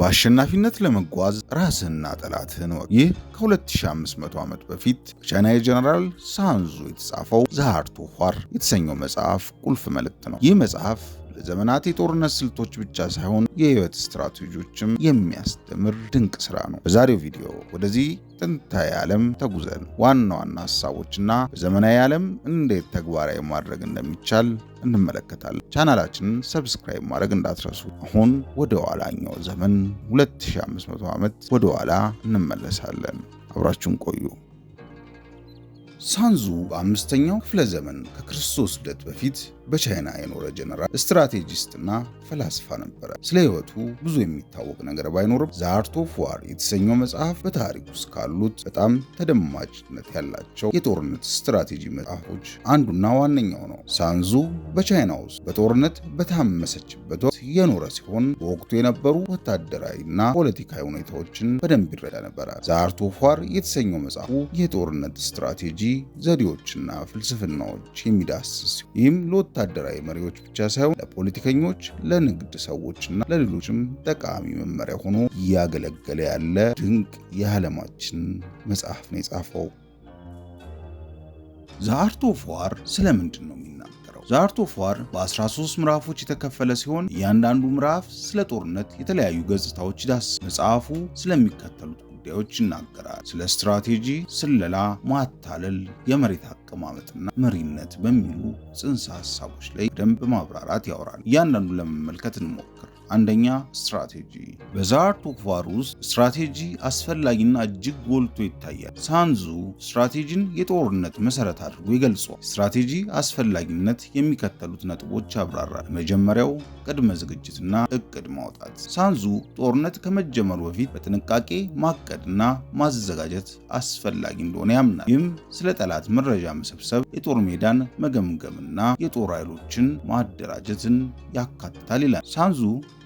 በአሸናፊነት ለመጓዝ ራስህና ጠላትህን ወቅ። ይህ ከ2500 ዓመት በፊት በቻይናዊ የጀነራል ሳንዙ የተጻፈው ዘአርት ኋር የተሰኘው መጽሐፍ ቁልፍ መልእክት ነው። ይህ መጽሐፍ ለዘመናት የጦርነት ስልቶች ብቻ ሳይሆን የህይወት ስትራቴጂዎችም የሚያስተምር ድንቅ ስራ ነው። በዛሬው ቪዲዮ ወደዚህ ጥንታዊ ዓለም ተጉዘን ዋና ዋና ሀሳቦችና በዘመናዊ ዓለም እንዴት ተግባራዊ ማድረግ እንደሚቻል እንመለከታለን። ቻናላችንን ሰብስክራይብ ማድረግ እንዳትረሱ። አሁን ወደ ኋላኛው ዘመን 2500 ዓመት ወደ ኋላ እንመለሳለን። አብራችሁን ቆዩ። ሳንዙ በአምስተኛው ክፍለ ዘመን ከክርስቶስ ልደት በፊት በቻይና የኖረ ጀነራል ስትራቴጂስትና ፈላስፋ ነበረ። ስለ ህይወቱ ብዙ የሚታወቅ ነገር ባይኖርም ዛርቶ ፏር የተሰኘው መጽሐፍ በታሪክ ውስጥ ካሉት በጣም ተደማጭነት ያላቸው የጦርነት ስትራቴጂ መጽሐፎች አንዱና ዋነኛው ነው። ሳንዙ በቻይና ውስጥ በጦርነት በታመሰችበት ወቅት የኖረ ሲሆን በወቅቱ የነበሩ ወታደራዊና ፖለቲካዊ ሁኔታዎችን በደንብ ይረዳ ነበረ። ዛርቶ ፏር የተሰኘው መጽሐፉ የጦርነት ስትራቴጂ ዘዴዎችና ፍልስፍናዎች የሚዳስስ ሲሆን ይህም ለወታ ለወታደራዊ መሪዎች ብቻ ሳይሆን ለፖለቲከኞች፣ ለንግድ ሰዎችና ለሌሎችም ጠቃሚ መመሪያ ሆኖ እያገለገለ ያለ ድንቅ የዓለማችን መጽሐፍ ነው የጻፈው። ዘአርት ኦፍ ዋር ስለምንድን ነው የሚናገረው? ዘአርት ኦፍ ዋር በ13 ምዕራፎች የተከፈለ ሲሆን እያንዳንዱ ምዕራፍ ስለ ጦርነት የተለያዩ ገጽታዎች ይዳስ መጽሐፉ ስለሚከተሉት ጉዳዮች ይናገራል። ስለ ስትራቴጂ፣ ስለላ፣ ማታለል፣ የመሬት አቀማመጥና መሪነት በሚሉ ጽንሰ ሀሳቦች ላይ ደንብ በማብራራት ያወራል። እያንዳንዱ ለመመልከት እንሞክር። አንደኛ ስትራቴጂ። በዛራቶክቫር ውስጥ ስትራቴጂ አስፈላጊና እጅግ ጎልቶ ይታያል። ሳንዙ ስትራቴጂን የጦርነት መሰረት አድርጎ ይገልጿል። ስትራቴጂ አስፈላጊነት የሚከተሉት ነጥቦች ያብራራል። መጀመሪያው ቅድመ ዝግጅትና እቅድ ማውጣት። ሳንዙ ጦርነት ከመጀመሩ በፊት በጥንቃቄ ማቀድና ማዘጋጀት አስፈላጊ እንደሆነ ያምናል። ይህም ስለ ጠላት መረጃ መሰብሰብ፣ የጦር ሜዳን መገምገምና የጦር ኃይሎችን ማደራጀትን ያካትታል ይላል ሳንዙ።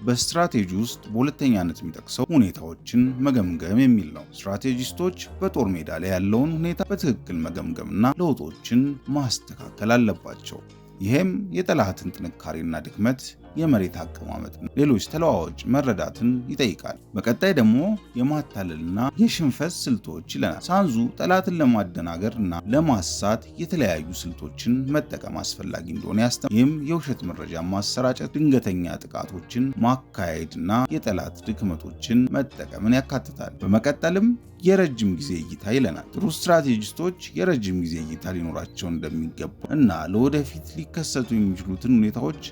በስትራቴጂ ውስጥ በሁለተኛነት የሚጠቅሰው ሁኔታዎችን መገምገም የሚል ነው። ስትራቴጂስቶች በጦር ሜዳ ላይ ያለውን ሁኔታ በትክክል መገምገምና ለውጦችን ማስተካከል አለባቸው። ይህም የጠላትን ጥንካሬና ድክመት የመሬት ነው። ሌሎች ተለዋዋጭ መረዳትን ይጠይቃል። በቀጣይ ደግሞ የማታለልና የሽንፈት ስልቶች ይለናል። ሳንዙ ጠላትን ለማደናገር እና ለማሳት የተለያዩ ስልቶችን መጠቀም አስፈላጊ እንደሆነ ያስተ ይህም የውሸት መረጃ ማሰራጨት፣ ድንገተኛ ጥቃቶችን ማካሄድና የጠላት ድክመቶችን መጠቀምን ያካትታል። በመቀጠልም የረጅም ጊዜ እይታ ይለናል። ጥሩ ስትራቴጂስቶች የረጅም ጊዜ እይታ ሊኖራቸው እንደሚገባ እና ለወደፊት ሊከሰቱ የሚችሉትን ሁኔታዎች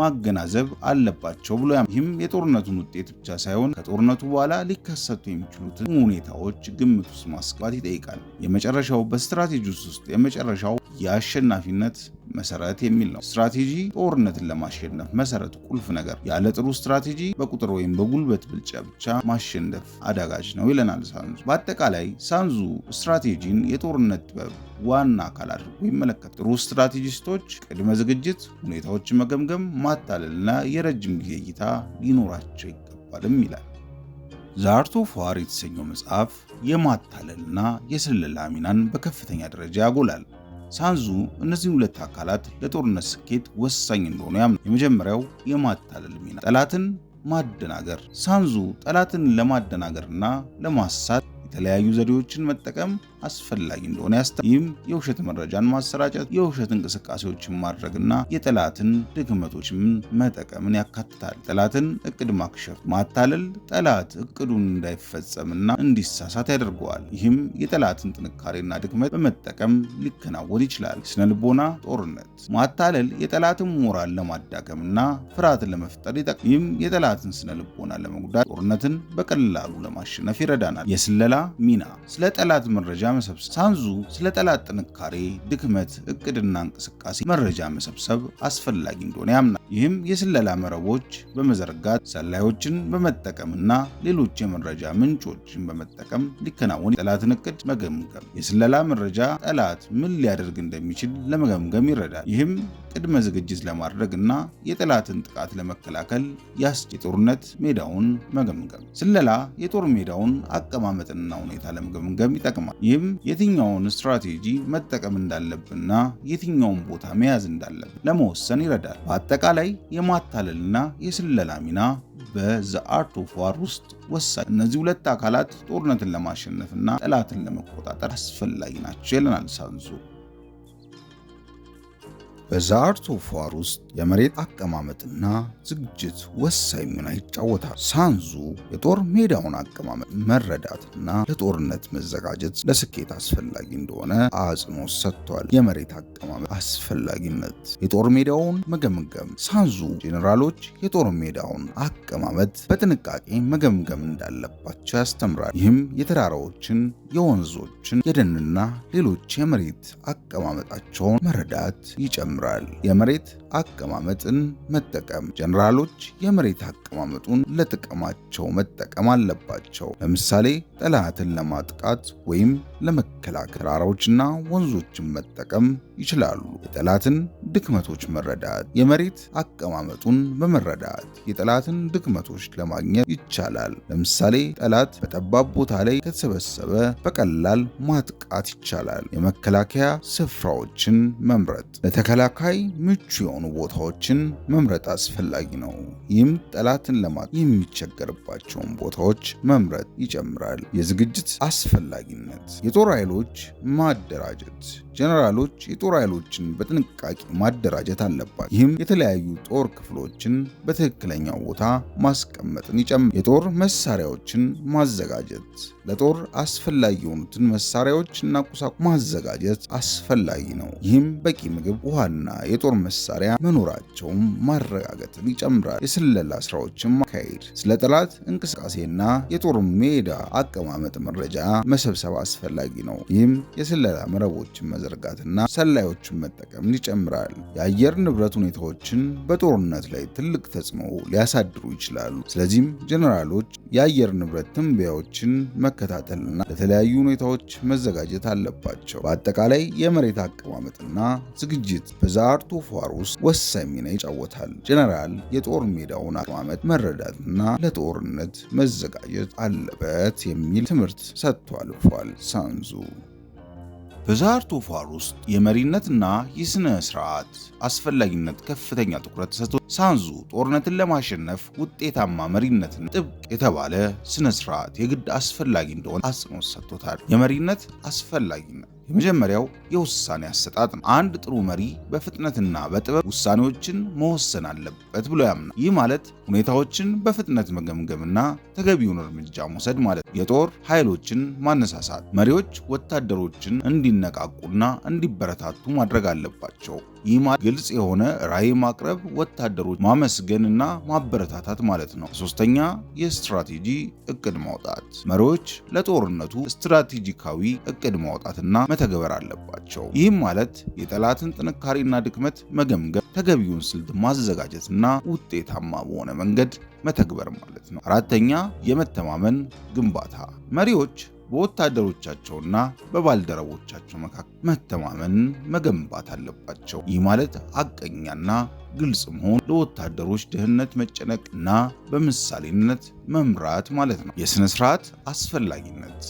ማገናዘብ አለባቸው ብሎ ይህም የጦርነቱን ውጤት ብቻ ሳይሆን ከጦርነቱ በኋላ ሊከሰቱ የሚችሉትን ሁኔታዎች ግምት ውስጥ ማስገባት ይጠይቃል። የመጨረሻው በስትራቴጂ ውስጥ የመጨረሻው የአሸናፊነት መሰረት የሚል ነው። ስትራቴጂ ጦርነትን ለማሸነፍ መሰረት ቁልፍ ነገር፣ ያለ ጥሩ ስትራቴጂ በቁጥር ወይም በጉልበት ብልጫ ብቻ ማሸነፍ አዳጋጅ ነው ይለናል ሳንዙ። በአጠቃላይ ሳንዙ ስትራቴጂን የጦርነት ጥበብ ዋና አካል አድርጎ ይመለከታል። ጥሩ ስትራቴጂስቶች ቅድመ ዝግጅት፣ ሁኔታዎችን መገምገም፣ ማታለልና የረጅም ጊዜ እይታ ሊኖራቸው ይገባልም ይላል። ዛርቶ ኦፍ የተሰኘው መጽሐፍ የማታለልና የስለላ ሚናን በከፍተኛ ደረጃ ያጎላል። ሳንዙ እነዚህን ሁለት አካላት ለጦርነት ስኬት ወሳኝ እንደሆኑ ያምናል። የመጀመሪያው የማታለል ሚና፣ ጠላትን ማደናገር። ሳንዙ ጠላትን ለማደናገርና ለማሳት የተለያዩ ዘዴዎችን መጠቀም አስፈላጊ እንደሆነ ያስታ ይህም የውሸት መረጃን ማሰራጨት፣ የውሸት እንቅስቃሴዎችን ማድረግና የጠላትን ድክመቶችን መጠቀምን ያካትታል። ጠላትን እቅድ ማክሸፍ፣ ማታለል ጠላት እቅዱን እንዳይፈጸምና እንዲሳሳት ያደርገዋል። ይህም የጠላትን ጥንካሬና ድክመት በመጠቀም ሊከናወን ይችላል። ስነ ልቦና ጦርነት፣ ማታለል የጠላትን ሞራል ለማዳከምና ፍርሃትን ለመፍጠር ይጠቅም። ይህም የጠላትን ስነ ልቦና ለመጉዳት ጦርነትን በቀላሉ ለማሸነፍ ይረዳናል። የስለላ ሚና፣ ስለ ጠላት መረጃ መሰብሰብ። ሳንዙ ስለ ጠላት ጥንካሬ፣ ድክመት፣ እቅድና እንቅስቃሴ መረጃ መሰብሰብ አስፈላጊ እንደሆነ ያምናል። ይህም የስለላ መረቦች በመዘርጋት ሰላዮችን በመጠቀምና ሌሎች የመረጃ ምንጮችን በመጠቀም ሊከናወን የጠላትን እቅድ መገምገም። የስለላ መረጃ ጠላት ምን ሊያደርግ እንደሚችል ለመገምገም ይረዳል። ይህም ቅድመ ዝግጅት ለማድረግ እና የጠላትን ጥቃት ለመከላከል ያስ የጦርነት ሜዳውን መገምገም። ስለላ የጦር ሜዳውን አቀማመጥና ሁኔታ ለመገምገም ይጠቅማል። ይህም የትኛውን ስትራቴጂ መጠቀም እንዳለብንና የትኛውን ቦታ መያዝ እንዳለብን ለመወሰን ይረዳል። በአጠቃላይ ላይ የማታለልና የስለላ ሚና በዘ አርት ኦፍ ዋር ውስጥ ወሳኝ። እነዚህ ሁለት አካላት ጦርነትን ለማሸነፍና ጠላትን ለመቆጣጠር አስፈላጊ ናቸው ይለናል ሳንሱ። በዛርቱ ፏር ውስጥ የመሬት አቀማመጥና ዝግጅት ወሳኝ ሚና ይጫወታል። ሳንዙ የጦር ሜዳውን አቀማመጥ መረዳትና ለጦርነት መዘጋጀት ለስኬት አስፈላጊ እንደሆነ አጽንኦት ሰጥቷል። የመሬት አቀማመጥ አስፈላጊነት፣ የጦር ሜዳውን መገምገም። ሳንዙ ጄኔራሎች የጦር ሜዳውን አቀማመጥ በጥንቃቄ መገምገም እንዳለባቸው ያስተምራል። ይህም የተራራዎችን፣ የወንዞችን፣ የደንና ሌሎች የመሬት አቀማመጣቸውን መረዳት ይጨምራል። ይጨምራል። የመሬት አቀማመጥን መጠቀም። ጀነራሎች የመሬት አቀማመጡን ለጥቅማቸው መጠቀም አለባቸው። ለምሳሌ ጠላትን ለማጥቃት ወይም ለመከላከል ተራራዎችና ወንዞችን መጠቀም ይችላሉ። የጠላትን ድክመቶች መረዳት። የመሬት አቀማመጡን በመረዳት የጠላትን ድክመቶች ለማግኘት ይቻላል። ለምሳሌ ጠላት በጠባብ ቦታ ላይ ከተሰበሰበ በቀላል ማጥቃት ይቻላል። የመከላከያ ስፍራዎችን መምረጥ። ለተከላካይ ምቹ የሆኑ የሆኑ ቦታዎችን መምረጥ አስፈላጊ ነው። ይህም ጠላትን ለማ የሚቸገርባቸውን ቦታዎች መምረጥ ይጨምራል። የዝግጅት አስፈላጊነት የጦር ኃይሎች ማደራጀት ጀነራሎች የጦር ኃይሎችን በጥንቃቄ ማደራጀት አለባቸው። ይህም የተለያዩ ጦር ክፍሎችን በትክክለኛው ቦታ ማስቀመጥን ይጨምራል። የጦር መሳሪያዎችን ማዘጋጀት ለጦር አስፈላጊ የሆኑትን መሳሪያዎች እና ቁሳቁስ ማዘጋጀት አስፈላጊ ነው። ይህም በቂ ምግብ፣ ውሃና የጦር መሳሪያ መኖራቸውም ማረጋገጥን ይጨምራል። የስለላ ስራዎችን ማካሄድ፣ ስለ ጠላት እንቅስቃሴና የጦር ሜዳ አቀማመጥ መረጃ መሰብሰብ አስፈላጊ ነው። ይህም የስለላ መረቦችን መዘርጋትና ሰላዮችን መጠቀምን ይጨምራል። የአየር ንብረት ሁኔታዎችን በጦርነት ላይ ትልቅ ተጽዕኖ ሊያሳድሩ ይችላሉ። ስለዚህም ጀነራሎች የአየር ንብረት ትንበያዎችን መከታተልና ለተለያዩ ሁኔታዎች መዘጋጀት አለባቸው። በአጠቃላይ የመሬት አቀማመጥና ዝግጅት በዛርቱ ፏር ውስጥ ወሳኝ ሚና ይጫወታል። ጀነራል የጦር ሜዳውን አቀማመጥ መረዳትና ለጦርነት መዘጋጀት አለበት የሚል ትምህርት ሰጥቶ አልፏል ሳንዙ። በዛርቱ ቶፋር ውስጥ የመሪነትና የሥነ ሥርዓት አስፈላጊነት ከፍተኛ ትኩረት ሰጥቶ ሳንዙ ጦርነትን ለማሸነፍ ውጤታማ መሪነትን ጥብቅ የተባለ ሥነ ሥርዓት የግድ አስፈላጊ እንደሆነ አጽንኦት ሰጥቶታል። የመሪነት አስፈላጊነት የመጀመሪያው የውሳኔ አሰጣጥ ነው። አንድ ጥሩ መሪ በፍጥነትና በጥበብ ውሳኔዎችን መወሰን አለበት ብሎ ያምናል። ይህ ማለት ሁኔታዎችን በፍጥነት መገምገምና ተገቢውን እርምጃ መውሰድ ማለት ነው። የጦር ኃይሎችን ማነሳሳት፣ መሪዎች ወታደሮችን እንዲነቃቁና እንዲበረታቱ ማድረግ አለባቸው። ይህ ማለት ግልጽ የሆነ ራዕይ ማቅረብ፣ ወታደሮች ማመስገንና ማበረታታት ማለት ነው። ሶስተኛ የስትራቴጂ እቅድ ማውጣት፣ መሪዎች ለጦርነቱ ስትራቴጂካዊ እቅድ ማውጣትና መተግበር አለባቸው። ይህም ማለት የጠላትን ጥንካሬና ድክመት መገምገም፣ ተገቢውን ስልት ማዘጋጀትና ውጤታማ በሆነ መንገድ መተግበር ማለት ነው። አራተኛ የመተማመን ግንባታ መሪዎች በወታደሮቻቸውና በባልደረቦቻቸው መካከል መተማመን መገንባት አለባቸው። ይህ ማለት አቀኛና ግልጽ መሆን ለወታደሮች ደህንነት መጨነቅና በምሳሌነት መምራት ማለት ነው። የሥነ ሥርዓት አስፈላጊነት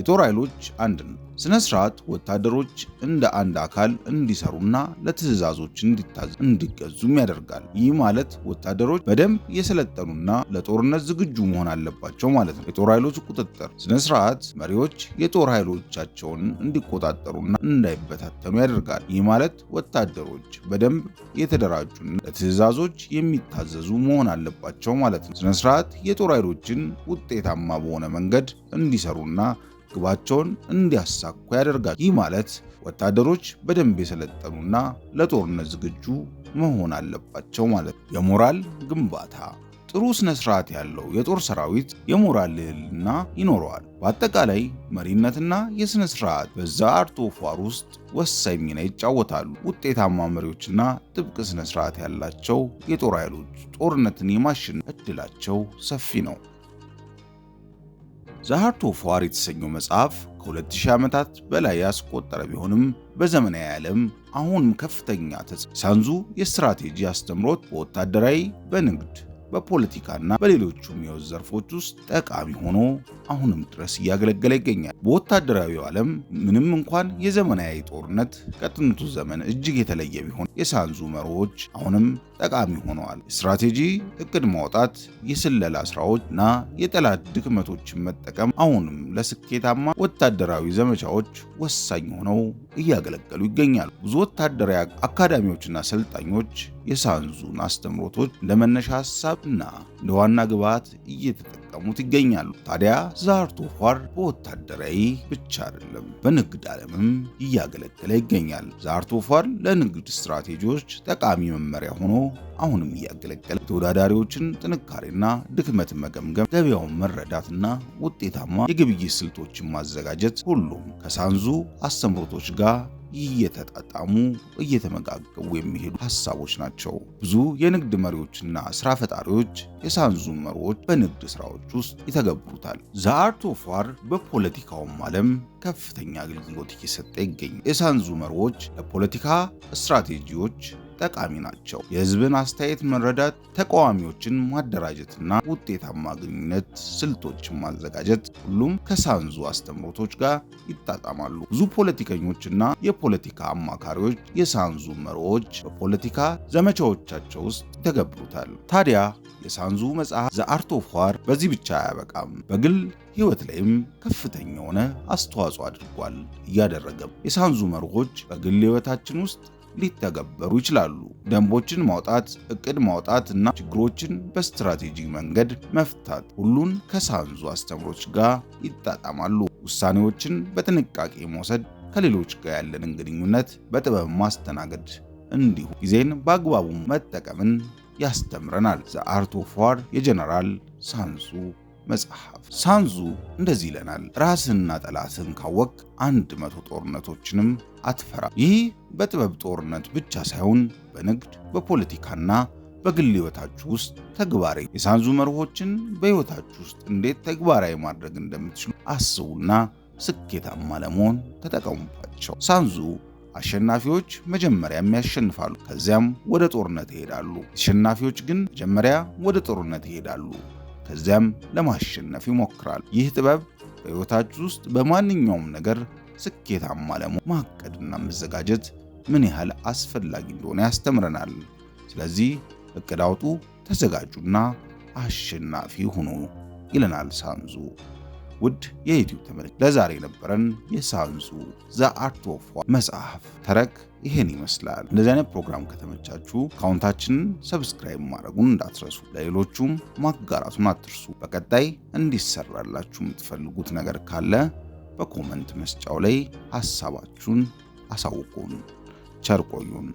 የጦር ኃይሎች አንድ ነው። ስነ ስርዓት ወታደሮች እንደ አንድ አካል እንዲሰሩና ለትዕዛዞች እንዲታዘ እንዲገዙም ያደርጋል። ይህ ማለት ወታደሮች በደንብ የሰለጠኑና ለጦርነት ዝግጁ መሆን አለባቸው ማለት ነው። የጦር ኃይሎች ቁጥጥር ስነ ስርዓት መሪዎች የጦር ኃይሎቻቸውን እንዲቆጣጠሩና እንዳይበታተኑ ያደርጋል። ይህ ማለት ወታደሮች በደንብ የተደራጁ ። ለትዕዛዞች የሚታዘዙ መሆን አለባቸው ማለት ነው። ስነ ስርዓት የጦር ኃይሎችን ውጤታማ በሆነ መንገድ እንዲሰሩና ግባቸውን እንዲያሳኩ ያደርጋል። ይህ ማለት ወታደሮች በደንብ የሰለጠኑና ለጦርነት ዝግጁ መሆን አለባቸው ማለት ነው። የሞራል ግንባታ ጥሩ ስነ ስርዓት ያለው የጦር ሰራዊት የሞራል ልዕልና ይኖረዋል። በአጠቃላይ መሪነትና የሥነ ሥርዓት በዛ አርቶ ፏር ውስጥ ወሳኝ ሚና ይጫወታሉ። ውጤታማ መሪዎችና ጥብቅ ሥነ ሥርዓት ያላቸው የጦር ኃይሎች ጦርነትን የማሸነፍ ዕድላቸው ሰፊ ነው። ዛሃርቶ ፏር የተሰኘው መጽሐፍ ከ2000 ዓመታት በላይ ያስቆጠረ ቢሆንም በዘመናዊ ዓለም አሁንም ከፍተኛ ተጽ ሳንዙ የስትራቴጂ አስተምሮት በወታደራዊ፣ በንግድ በፖለቲካና በሌሎቹም የሕይወት ዘርፎች ውስጥ ጠቃሚ ሆኖ አሁንም ድረስ እያገለገለ ይገኛል። በወታደራዊው ዓለም ምንም እንኳን የዘመናዊ ጦርነት ከጥንቱ ዘመን እጅግ የተለየ ቢሆን የሳንዙ መርሆዎች አሁንም ጠቃሚ ሆነዋል። ስትራቴጂ፣ እቅድ ማውጣት፣ የስለላ ስራዎች እና የጠላት ድክመቶችን መጠቀም አሁንም ለስኬታማ ወታደራዊ ዘመቻዎች ወሳኝ ሆነው እያገለገሉ ይገኛሉ። ብዙ ወታደራዊ አካዳሚዎችና ሰልጣኞች የሳንዙ አስተምሮቶች ለመነሻ እና ለዋና ግብዓት እየተጠቀሙት ይገኛሉ። ታዲያ ዛርቶፋር በወታደራዊ ብቻ አይደለም፣ በንግድ ዓለምም እያገለገለ ይገኛል። ዛርቶፋር ለንግድ ስትራቴጂዎች ጠቃሚ መመሪያ ሆኖ አሁንም እያገለገለ ተወዳዳሪዎችን ጥንካሬና ድክመትን መገምገም፣ ገበያውን መረዳትና ውጤታማ የግብይት ስልቶችን ማዘጋጀት ሁሉም ከሳንዙ አስተምሮቶች ጋር እየተጣጣሙ እየተመጋገቡ የሚሄዱ ሀሳቦች ናቸው። ብዙ የንግድ መሪዎችና ስራ ፈጣሪዎች የሳንዙን መርሆዎች በንግድ ስራዎች ውስጥ ይተገብሩታል። ዘ ኦፍ ዋር በፖለቲካውም ዓለም ከፍተኛ አገልግሎት እየሰጠ ይገኛል። የሳንዙ መርሆዎች ለፖለቲካ ስትራቴጂዎች ጠቃሚ ናቸው። የህዝብን አስተያየት መረዳት፣ ተቃዋሚዎችን ማደራጀትና ውጤታማ ግንኙነት ስልቶችን ማዘጋጀት ሁሉም ከሳንዙ አስተምሮቶች ጋር ይጣጣማሉ። ብዙ ፖለቲከኞችና የፖለቲካ አማካሪዎች የሳንዙ መርሆዎች በፖለቲካ ዘመቻዎቻቸው ውስጥ ይተገብሩታል። ታዲያ የሳንዙ መጽሐፍ ዘ አርት ኦፍ ዋር በዚህ ብቻ አያበቃም። በግል ህይወት ላይም ከፍተኛ የሆነ አስተዋጽኦ አድርጓል እያደረገም የሳንዙ መርሆች በግል ህይወታችን ውስጥ ሊተገበሩ ይችላሉ። ደንቦችን ማውጣት፣ እቅድ ማውጣት እና ችግሮችን በስትራቴጂ መንገድ መፍታት ሁሉን ከሳንዙ አስተምሮች ጋር ይጣጣማሉ። ውሳኔዎችን በጥንቃቄ መውሰድ፣ ከሌሎች ጋር ያለንን ግንኙነት በጥበብ ማስተናገድ፣ እንዲሁ ጊዜን በአግባቡ መጠቀምን ያስተምረናል። ዘ አርት ኦፍ ዋር የጀነራል ሳንዙ መጽሐፍ። ሳንዙ እንደዚህ ይለናል፣ ራስንና ጠላትን ካወቅ አንድ መቶ ጦርነቶችንም አትፈራ። ይህ በጥበብ ጦርነት ብቻ ሳይሆን በንግድ በፖለቲካና በግል ህይወታችሁ ውስጥ ተግባራዊ የሳንዙ መርሆችን በህይወታችሁ ውስጥ እንዴት ተግባራዊ ማድረግ እንደምትችሉ አስቡና ስኬታማ ለመሆን ተጠቀሙባቸው። ሳንዙ አሸናፊዎች መጀመሪያም ያሸንፋሉ፣ ከዚያም ወደ ጦርነት ይሄዳሉ። አሸናፊዎች ግን መጀመሪያ ወደ ጦርነት ይሄዳሉ፣ ከዚያም ለማሸነፍ ይሞክራሉ። ይህ ጥበብ በህይወታችሁ ውስጥ በማንኛውም ነገር ስኬታማ ለመሆን ማቀድና መዘጋጀት ምን ያህል አስፈላጊ እንደሆነ ያስተምረናል። ስለዚህ እቅድ አውጡ፣ ተዘጋጁና አሸናፊ ሁኑ ይለናል ሳንዙ። ውድ የዩቲዩብ ተመልክ ለዛሬ የነበረን የሳንዙ ዘ አርት ኦፍ ዋር መጽሐፍ ተረክ ይሄን ይመስላል። እንደዚህ አይነት ፕሮግራም ከተመቻችሁ አካውንታችንን ሰብስክራይብ ማድረጉን እንዳትረሱ፣ ለሌሎቹም ማጋራቱን አትርሱ። በቀጣይ እንዲሰራላችሁ የምትፈልጉት ነገር ካለ በኮመንት መስጫው ላይ ሐሳባችሁን አሳውቁን። ቸር ቆዩን።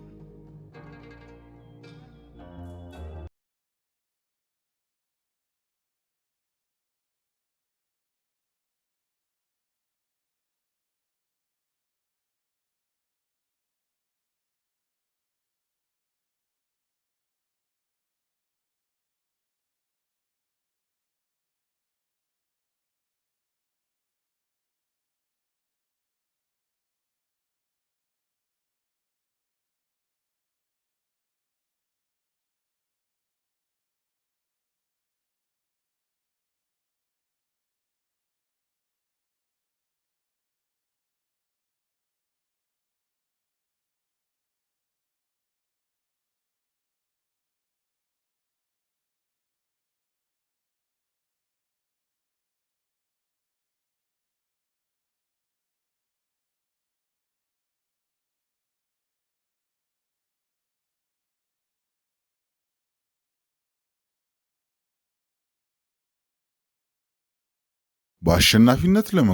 በአሸናፊነት ለመጓዝ